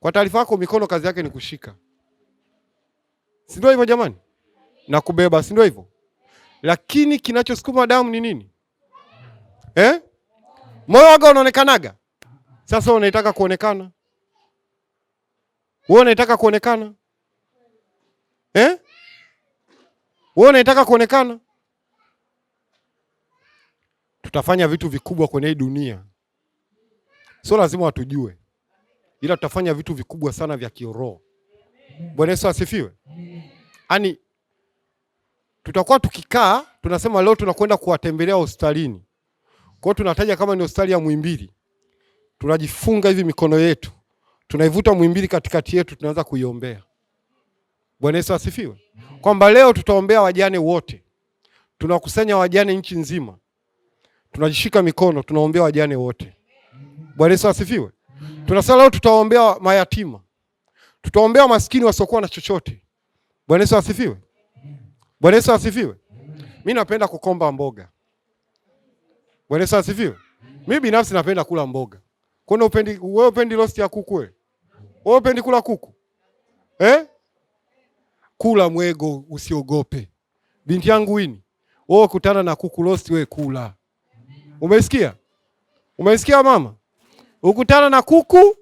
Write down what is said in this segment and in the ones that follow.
Kwa taarifa yako, mikono kazi yake ni kushika, si ndio hivyo jamani, na kubeba, si ndio hivyo? Lakini kinachosukuma damu ni nini eh? Moyo waga unaonekanaga. Sasa unaitaka kuonekana wewe, unaitaka kuonekana eh? Wewe unaitaka kuonekana. Tutafanya vitu vikubwa kwenye hii dunia, sio lazima watujue ila tutafanya vitu vikubwa sana vya kiroho. Bwana Yesu asifiwe. Yaani tutakuwa tukikaa tunasema leo tunakwenda kuwatembelea hospitalini. Kwa hiyo tunataja kama ni hospitali ya Muhimbili. Tunajifunga hivi mikono yetu. Tunaivuta Muhimbili katikati yetu tunaanza kuiombea. Bwana Yesu asifiwe. Kwamba leo tutaombea wajane wote. Tunakusanya wajane nchi nzima. Tunajishika mikono tunaombea wajane wote. Bwana Yesu asifiwe. Tunasema leo tutaombea mayatima, tutaombea maskini wasiokuwa na chochote. Bwana Yesu asifiwe! Bwana Yesu asifiwe! Mimi napenda kukomba mboga. Bwana Yesu asifiwe! Mimi binafsi napenda kula mboga. Kwani upendi wewe? Upendi roast ya kuku wewe? Wewe upendi kula kuku eh? Kula mwego, usiogope binti yangu Wini. Wewe kutana na kuku roast, wewe kula. Umesikia? Umesikia mama? Ukutana na kuku,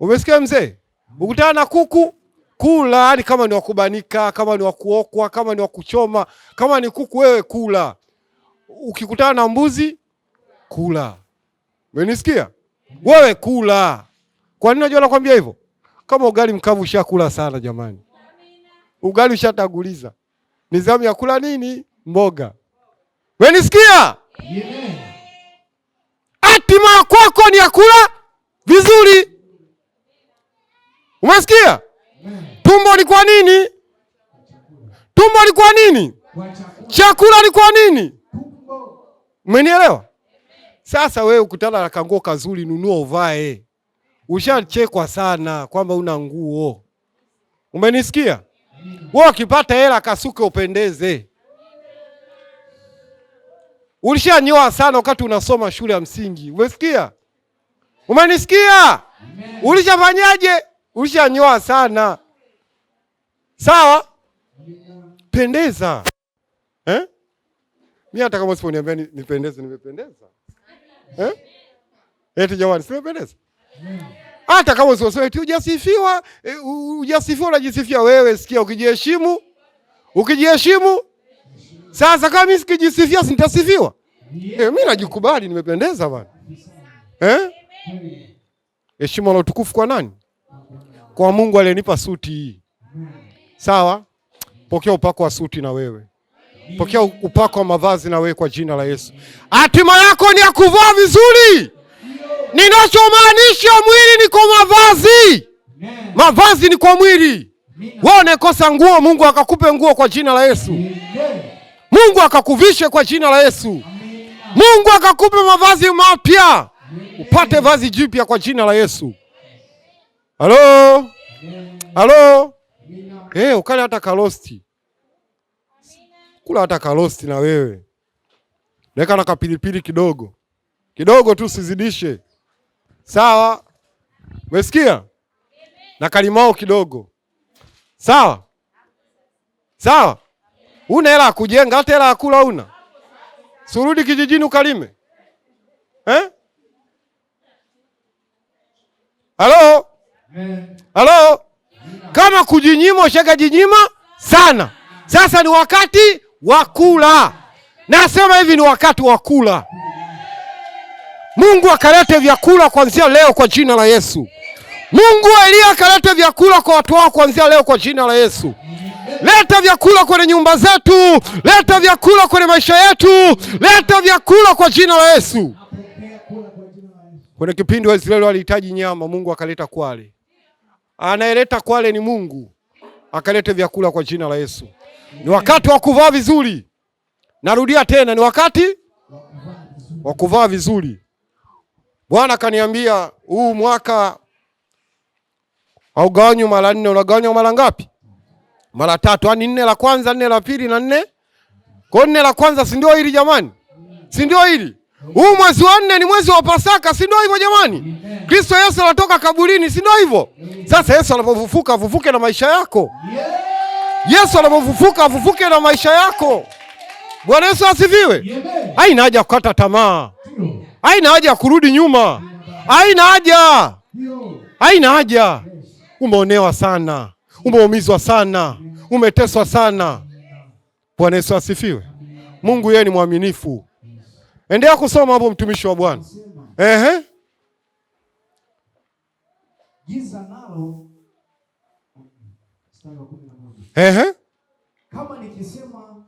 umesikia mzee? Ukutana na kuku kula, yani kama ni wakubanika, kama ni wakuokwa, kama ni wakuchoma, kama ni kuku wewe kula. Ukikutana na mbuzi kula. Umenisikia? Wewe kula. Kwa nini unajua nakwambia hivyo? Kama ugali mkavu ushakula sana jamani. Ugali ushataguliza. Ni zamu ya kula nini? Mboga. Umenisikia? Yeah. Atima kwako yako ya kula vizuri. Umesikia? Tumbo ni kwa nini? Tumbo ni kwa nini? Chakula ni kwa nini? Umenielewa? Sasa wewe ukutana na kanguo kazuri, nunua uvae. Ushachekwa sana kwamba una nguo. Umenisikia? Wewe ukipata hela kasuke upendeze. Ulishanyoa sana wakati unasoma shule ya msingi. Umesikia? Umenisikia? Ulishafanyaje? Ulishanyoa sana, sawa? Pendeza eh? Mimi hata kama usiponiambia nipendeze, nimependeza eh? Eti jamani, simependeza hata kama usiposema usioseti ujasifiwa, eh, ujasifiwa, unajisifia wewe. Sikia, ukijiheshimu, ukijiheshimu. Sasa kama mimi sikijisifia, sitasifiwa. Eh, mimi najikubali, nimependeza bwana eh? Heshima na utukufu kwa nani? Kwa Mungu aliyenipa suti hii. Sawa, pokea upako wa suti na wewe pokea upako wa mavazi na wewe kwa jina la Yesu. Hatima yako ni ya kuvaa vizuri. Ninachomaanisha mwili ni kwa mavazi, mavazi ni kwa mwili. Wewe unakosa nguo, Mungu akakupe nguo kwa jina la Yesu. Mungu akakuvishe kwa jina la Yesu. Mungu akakupe mavazi mapya upate vazi jipya kwa jina la Yesu. Halo, halo, hey, eh, ukale hata karosti, kula hata karosti na wewe, weka na kapilipili kidogo kidogo tu, sizidishe Sawa, umesikia? Na kalimao kidogo, sawa sawa. Una hela ya kujenga, hata hela ya kula una surudi kijijini ukalime eh? Halo, halo. Kama kujinyima ushakajinyima sana, sasa ni wakati wa kula. Nasema hivi ni wakati wa kula. Mungu akalete vyakula kuanzia leo kwa jina la Yesu. Mungu Eliya akalete vyakula kwa watu wao kuanzia leo kwa jina la Yesu. Leta vyakula kwenye nyumba zetu, leta vyakula kwenye maisha yetu, leta vyakula kwa jina la Yesu. Kuna kipindi Waisraeli walihitaji nyama, Mungu akaleta kwale. Anayeleta kwale ni Mungu, akalete vyakula kwa jina la Yesu. Ni wakati wa kuvaa vizuri. Narudia tena, ni wakati wa kuvaa vizuri. Bwana kaniambia huu mwaka haugawanywi mara nne, unagawanywa mara ngapi? Mara tatu, yaani nne la kwanza, nne la pili na nne. Kwa nne la kwanza si ndio hili jamani? Si ndio hili? Huu mwezi wa nne ni mwezi wa Pasaka, si ndio hivyo jamani? Kristo Yesu anatoka kaburini, si ndio hivyo? Sasa Yesu anapofufuka afufuke na maisha yako. Yesu anapofufuka afufuke na maisha yako. Bwana Yesu asifiwe. Haina haja kukata tamaa, haina haja kurudi nyuma, haina haja, haina haja. Umeonewa sana, umeumizwa sana, umeteswa sana. Bwana Yesu asifiwe. Mungu yeye ni mwaminifu. Endea kusoma hapo, mtumishi wa Bwana. Ehe, giza nalo ehe, kama nikisema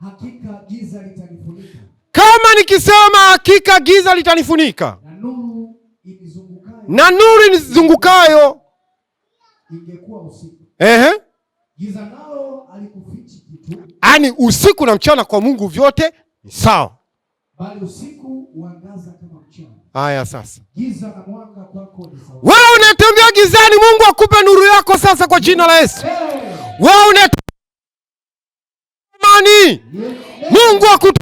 hakika giza litanifunika, kama nikisema hakika giza litanifunika na nuru inizungukayo ingekuwa usiku. Ehe, giza nalo alikufichi kitu, yaani usiku na mchana kwa Mungu vyote ni sawa. Bali usiku uangaza kama mchana. Haya sasa. Giza na mwanga kwako ni sawa. Wewe unatembea gizani, Mungu akupe nuru yako sasa kwa jina la Yesu. Wewe una imani. Mungu akupe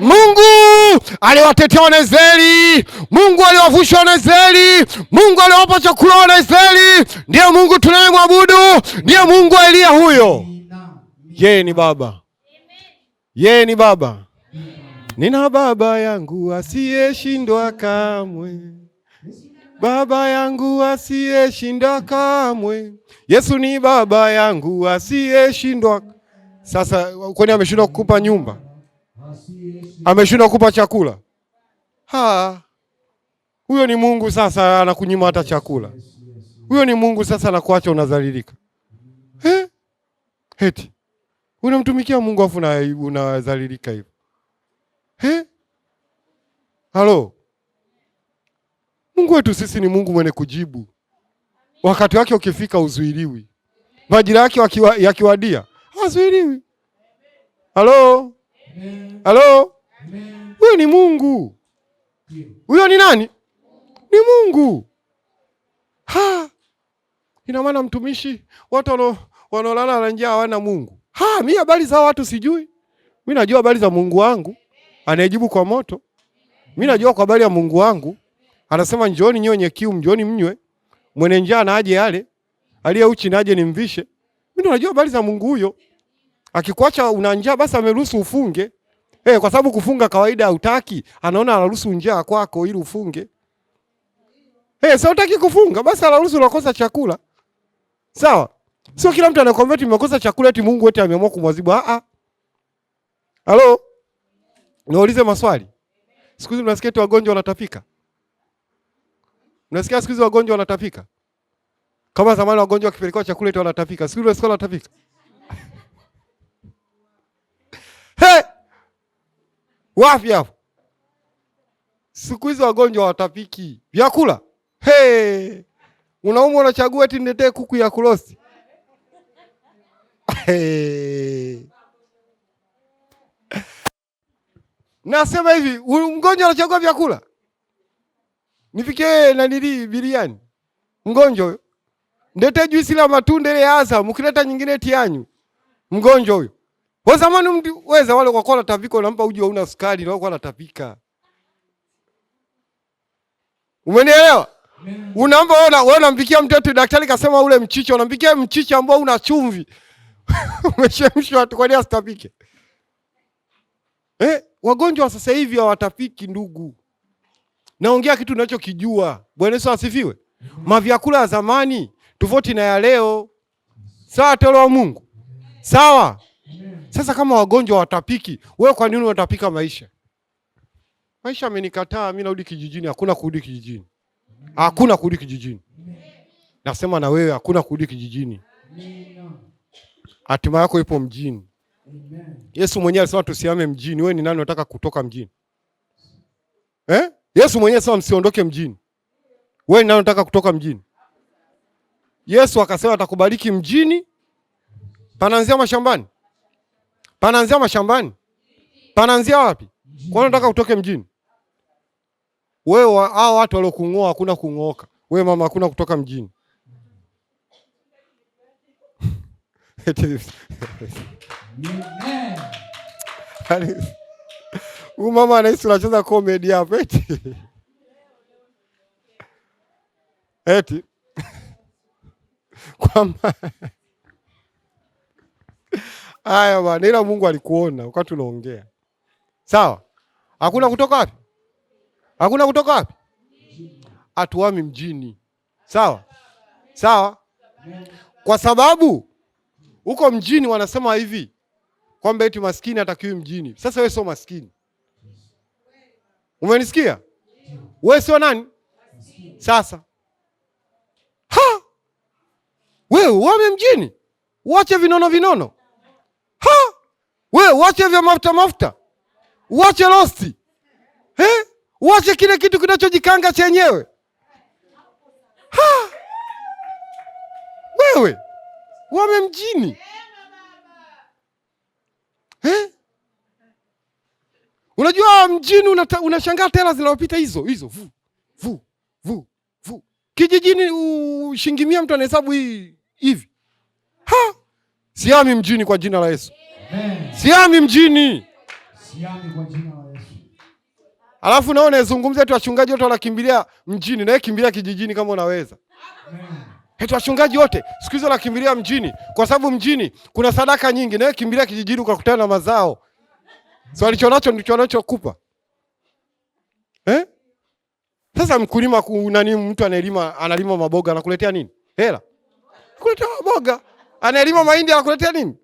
Mungu aliwatetea Wanaisraeli, Mungu aliwavusha Wanaisraeli, Mungu aliwapa chakula Wanaisraeli. Ndiye Mungu tunayemwabudu, ndiye Mungu wa Eliya huyo. Yeye ni Baba yeye ni Baba. Nina Baba yangu asiyeshindwa kamwe, Baba yangu asiyeshindwa kamwe. Yesu ni Baba yangu asiyeshindwa. Sasa kwani ameshindwa kukupa nyumba? Ameshindwa kukupa chakula? Ha, huyo ni Mungu. Sasa anakunyima hata chakula, huyo ni Mungu. Sasa anakuacha unadhalilika. He? Eh? Heti unamtumikia Mungu afu unadhalilika hivyo eh? Halo, Mungu wetu sisi ni Mungu mwenye kujibu. Wakati wake ukifika, uzuiliwi. Majira yake yakiwadia, hazuiliwi. Halo, halo, huyo ni Mungu. Huyo ni nani? Ni Mungu. Ha, ina maana mtumishi, watu wanaolala na njia hawana Mungu. Ha, mi habari za watu sijui. Mi najua habari za Mungu wangu anayejibu kwa moto. Mi najua kwa habari ya Mungu wangu anasema, njooni nyoe wenye kiu, njooni mnywe, mwenye njaa na aje yale, aliye uchi na aje nimvishe. Mi ndo najua habari za Mungu huyo. Akikuacha una njaa, basi ameruhusu ufunge. Eh, kwa sababu kufunga kawaida hutaki, anaona anaruhusu njaa kwako ili ufunge. Eh, sio utaki kufunga, basi anaruhusu unakosa chakula. Sawa? Sio kila mtu anakuambia tumekosa chakula eti Mungu wote ameamua kumwadhibu. Ah ah. Halo? Niulize maswali. Siku hizi mnasikia tu wagonjwa wanatafika. Mnasikia siku hizi wagonjwa wanatafika. Kama zamani wagonjwa wakipelekwa chakula eti wanatafika. Siku hizi unasikia wanatapika. Hey! Wapi hapo? Siku hizi wagonjwa watafiki. vyakula. Hey! Unaumwa unachagua eti niletee kuku ya kulosi. Nasema hivi, mgonjwa anachagua vyakula, nifikie nili biriani, mgonjwa huyo. Ndete juisi la matunda ile hasa, mkileta nyingine tianyu, mgonjwa huyo. Kwa zamani mdiweza wale kwa kola natapika, unampa uji hauna sukari, na kwa natapika. Umenielewa? Unaomba wewe unampikia mtoto, daktari kasema ule mchicha, unampikia mchicha ambao una chumvi. umechemsha watu, kwani asitapike eh? Wagonjwa sasa hivi hawatapiki ndugu. Naongea kitu ninachokijua. Bwana Yesu asifiwe. Mavyakula ya zamani tofauti na ya leo, sawa? Tolo wa Mungu, sawa. Sasa kama wagonjwa watapiki, wewe kwa nini unatapika maisha? Maisha amenikataa mimi, narudi kijijini. Hakuna kurudi kijijini, hakuna kurudi kijijini. Nasema na wewe, hakuna kurudi kijijini hatima yako ipo mjini. Amen. Yesu mwenyewe alisema tusiame mjini. Wewe ni nani unataka kutoka mjini eh? Yesu mwenyewe alisema msiondoke mjini. Wewe ni nani unataka kutoka mjini? Yesu akasema atakubariki mjini, panaanzia mashambani, panaanzia mashambani, panaanzia wapi? Kwa nini unataka utoke mjini? Wewe hao watu waliokung'oa hakuna kung'oka. Wewe mama, hakuna kutoka mjini. Huyu mama anahisi unacheza comedy hapo eti. Eti. Kwamba haya bwana, ila Mungu alikuona wakati unaongea. Sawa, hakuna kutoka wapi, hakuna kutoka wapi, Atuami mjini. Sawa sawa, kwa sababu huko mjini wanasema hivi kwamba eti maskini atakiwi mjini. Sasa wewe sio maskini, umenisikia? Wewe sio nani? Sasa ha! Wewe uame mjini, uache vinono vinono ha! Wewe uache vya mafuta mafuta, uache losti he, Uache kile kitu kinachojikanga chenyewe ha! Wewe wame mjini eh? Unajua mjini unashangaa tela zinazopita hizo hizo vu vu vu vu. Kijijini ushingimia mtu anahesabu hivi. Ha! Siami mjini kwa jina la Yesu. Amen. Siami mjini. Siami kwa jina la Yesu. Alafu naona zungumzia tu wachungaji wote wanakimbilia mjini na yeye kimbilia kijijini kama unaweza. Amen. Eti wachungaji wote siku hizi wanakimbilia mjini kwa sababu mjini kuna sadaka nyingi, na kimbilia kijijini ukakutana na mazao. So alichonacho ndicho anachokupa eh? Sasa mkulima nani, mtu analima analima maboga anakuletea nini? Hela. Kuletea maboga. Analima mahindi anakuletea nini?